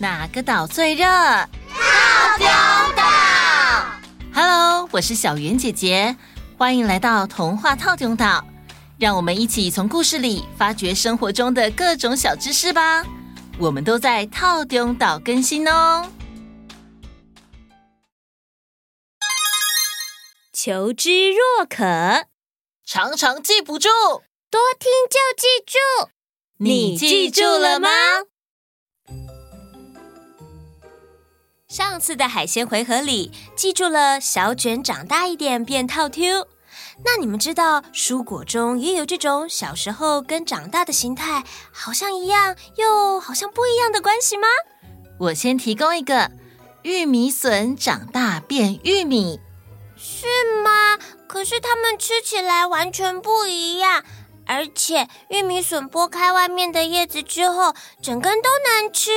哪個島最熱？透中島。Hello，我是小圓姐姐，歡迎來到童話透中島，讓我們一起從故事裡發掘生活中的各種小知識吧。我們都在透中島更新哦。求知若渴，常常記不住，多聽就記住。你記住了嗎？上次的海鮮回合裡，記住了小卷長大一點變透抽。那你們知道蔬果中也有這種小時候跟長大的形態好像一樣又好像不一樣的關係嗎？我先提供一個，玉米筍長大變玉米，是嗎？可是它們吃起來完全不一樣，而且玉米筍剝開外面的葉子之後，整根都能吃，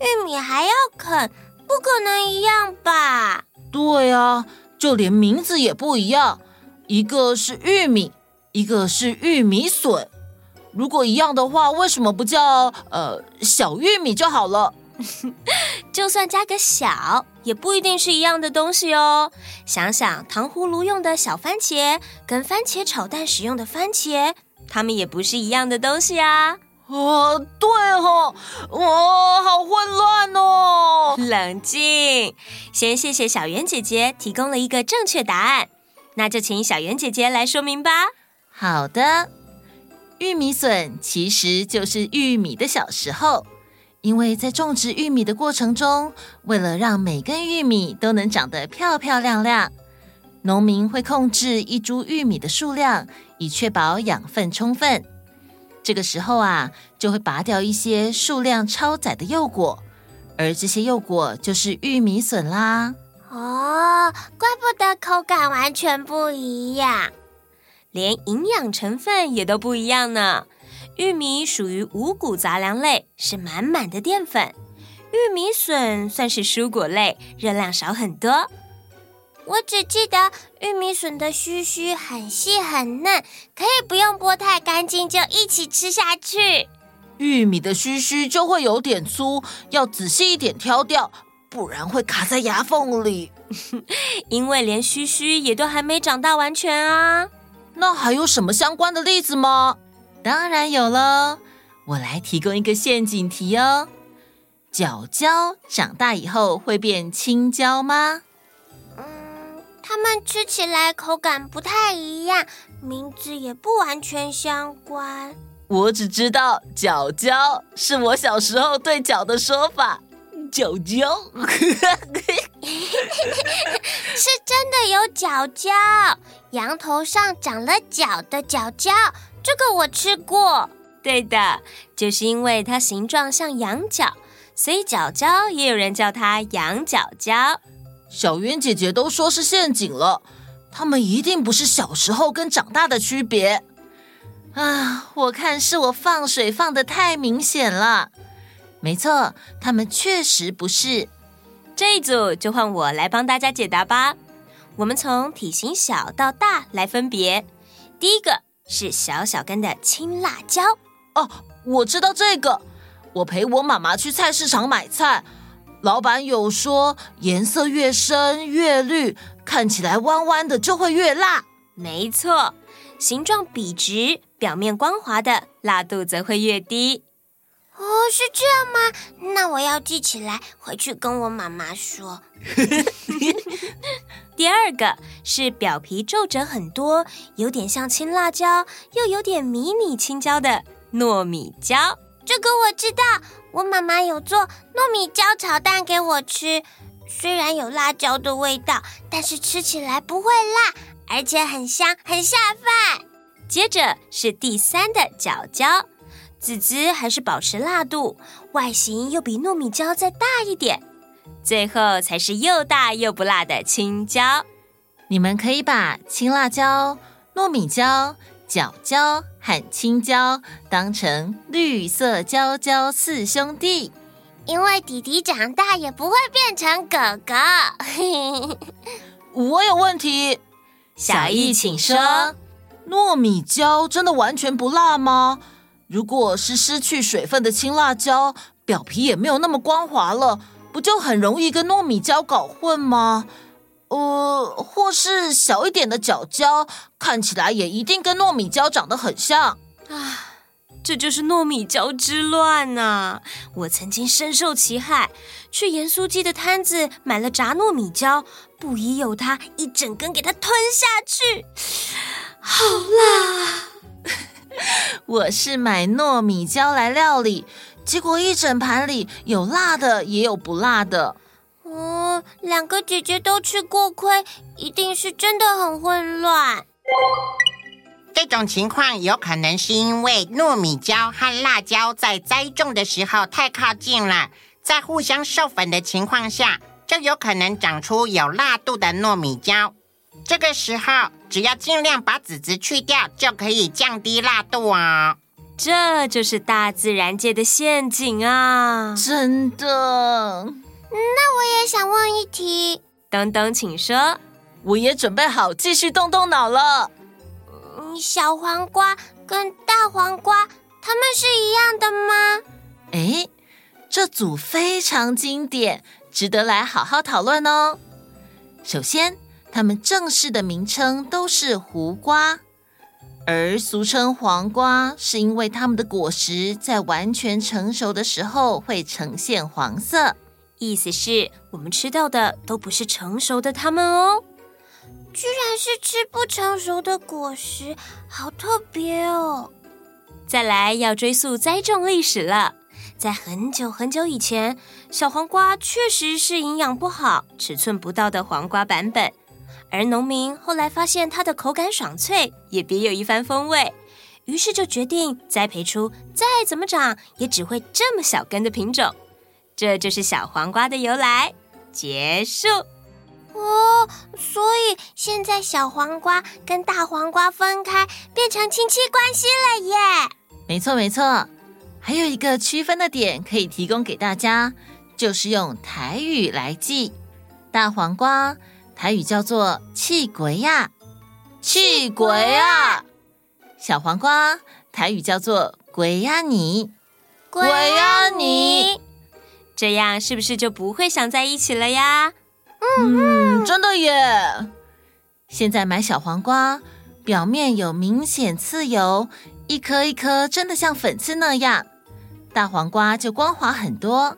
玉米還要啃。不可能一樣吧？對啊，就連名字也不一樣，一個是玉米，一個是玉米筍。如果一樣的話，為什麼不叫，呃、小玉米就好了？ 就算加個小，也不一定是一樣的東西哦。想想糖葫蘆用的小番茄，跟番茄炒蛋使用的番茄，它們也不是一樣的東西啊。哦、呃，對哦，我、呃、好混亂。冷靜，先謝謝小圓姐姐提供了一個正確答案，那就請小圓姐姐來說明吧。好的，玉米筍其實就是玉米的小時候，因為在種植玉米的過程中，為了讓每根玉米都能長得漂漂亮亮，農民會控制一株玉米的數量，以確保養分充分。這個時候啊，就會拔掉一些數量超載的幼果。而這些幼果就是玉米筍啦！哦，怪不得口感完全不一樣，連營養成分也都不一樣呢。玉米屬於五穀雜糧類，是滿滿的澱粉；玉米筍算是蔬果類，熱量少很多。我只記得玉米筍的鬚鬚很細很嫩，可以不用剝太乾淨就一起吃下去。玉米的鬚鬚就會有點粗，要仔細一點挑掉，不然會卡在牙縫裡。 因為連鬚鬚也都還沒長大完全啊。那還有什麼相關的例子嗎？當然有了，我來提供一個陷阱題哦。角椒長大以後會變青椒嗎？嗯，它們吃起來口感不太一樣，名字也不完全相關。我只知道角角是我小時候對角的說法，角角 是真的有角角，羊頭上長了角的角角，這個我吃過。對的，就是因為它形狀像羊角，所以角角也有人叫它羊角角。小雲姐姐都說是陷阱了，他們一定不是小時候跟長大的區別。啊，我看是我放水放的太明顯了。沒錯，他們確實不是。這一組就換我來幫大家解答吧。我們從體型小到大來分別。第一個是小小根的青辣椒。哦、啊，我知道這個。我陪我媽媽去菜市場買菜，老板有說顏色越深越綠，看起來彎彎的就會越辣。沒錯。形狀筆直，表面光滑的辣度則會越低。哦，是這樣嗎？那我要記起來，回去跟我媽媽說。 第二個是表皮皺褶很多，有點像青辣椒，又有點迷你青椒的糯米椒。這個我知道，我媽媽有做糯米椒炒蛋給我吃。雖然有辣椒的味道，但是吃起來不會辣。而且很香，很下飯。接着是第三的角椒，子子還是保持辣度，外形又比糯米椒再大一點。最後才是又大又不辣的青椒。你們可以把青辣椒、糯米椒、角椒和青椒當成綠色椒椒四兄弟，因為弟弟長大也不會變成狗狗。 我有問題。小藝，小，請說。糯米椒真的完全不辣嗎？如果是失去水分的青辣椒，表皮也沒有那麼光滑了，不就很容易跟糯米椒搞混嗎？呃，或是小一點的角椒，看起來也一定跟糯米椒長得很像啊！這就是糯米椒之亂啊。我曾經深受其害，去鹽酥雞的攤子買了炸糯米椒，不疑有他，一整根給它吞下去，好辣！ 我是買糯米椒來料理，結果一整盤裡有辣的也有不辣的。嗯、哦，兩個姐姐都吃過虧，一定是真的很混亂。這種情況有可能是因為糯米椒和辣椒在栽種的時候太靠近了，在互相授粉的情況下，就有可能長出有辣度的糯米椒。這個時候，只要盡量把籽籽去掉，就可以降低辣度啊！這就是大自然界的陷阱啊！真的？那我也想問一題，東東，請說，我也準備好繼續動動腦了。小黃瓜跟大黃瓜，它們是一樣的嗎？誒，這組非常經典，值得來好好討論哦。首先，它們正式的名稱都是胡瓜，而俗稱黃瓜是因為它們的果實在完全成熟的時候會呈現黃色，意思是我們吃到的都不是成熟的它們哦。居然是吃不成熟的果實，好特別哦！再來要追溯栽種歷史了。在很久很久以前，小黃瓜確實是營養不好、尺寸不到的黃瓜版本。而農民後來發現它的口感爽脆，也別有一番風味，於是就決定栽培出再怎麼長也只會這麼小根的品種。這就是小黃瓜的由來。結束。哦，所以現在小黃瓜跟大黃瓜分開，變成親戚關係了耶！沒錯沒錯，還有一個區分的點可以提供給大家，就是用台語來記。大黃瓜台語叫做氣鬼呀，氣鬼呀、氣鬼啊；小黃瓜台語叫做鬼呀、啊你，鬼呀、啊你，鬼啊你，這樣是不是就不會想在一起了呀？嗯，嗯，真的耶，嗯！現在買小黃瓜，表面有明顯刺疣，一顆一顆，真的像粉刺那樣。大黃瓜就光滑很多。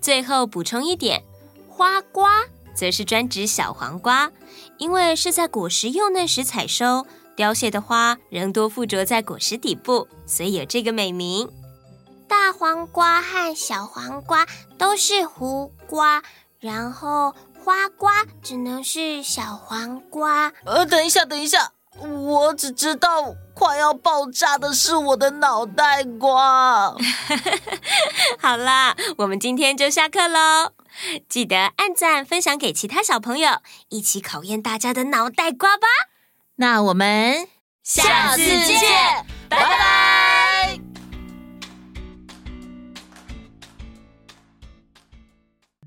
最後補充一點，花瓜則是專指小黃瓜，因為是在果實幼嫩時採收，凋謝的花仍多附着在果實底部，所以有這個美名。大黃瓜和小黃瓜都是胡瓜，然後。花瓜只能是小黃瓜。呃，等一下，等一下，我只知道快要爆炸的是我的腦袋瓜。 好啦，我們今天就下課嘍，記得按贊分享給其他小朋友，一起考驗大家的腦袋瓜吧。那我們下次見，拜拜。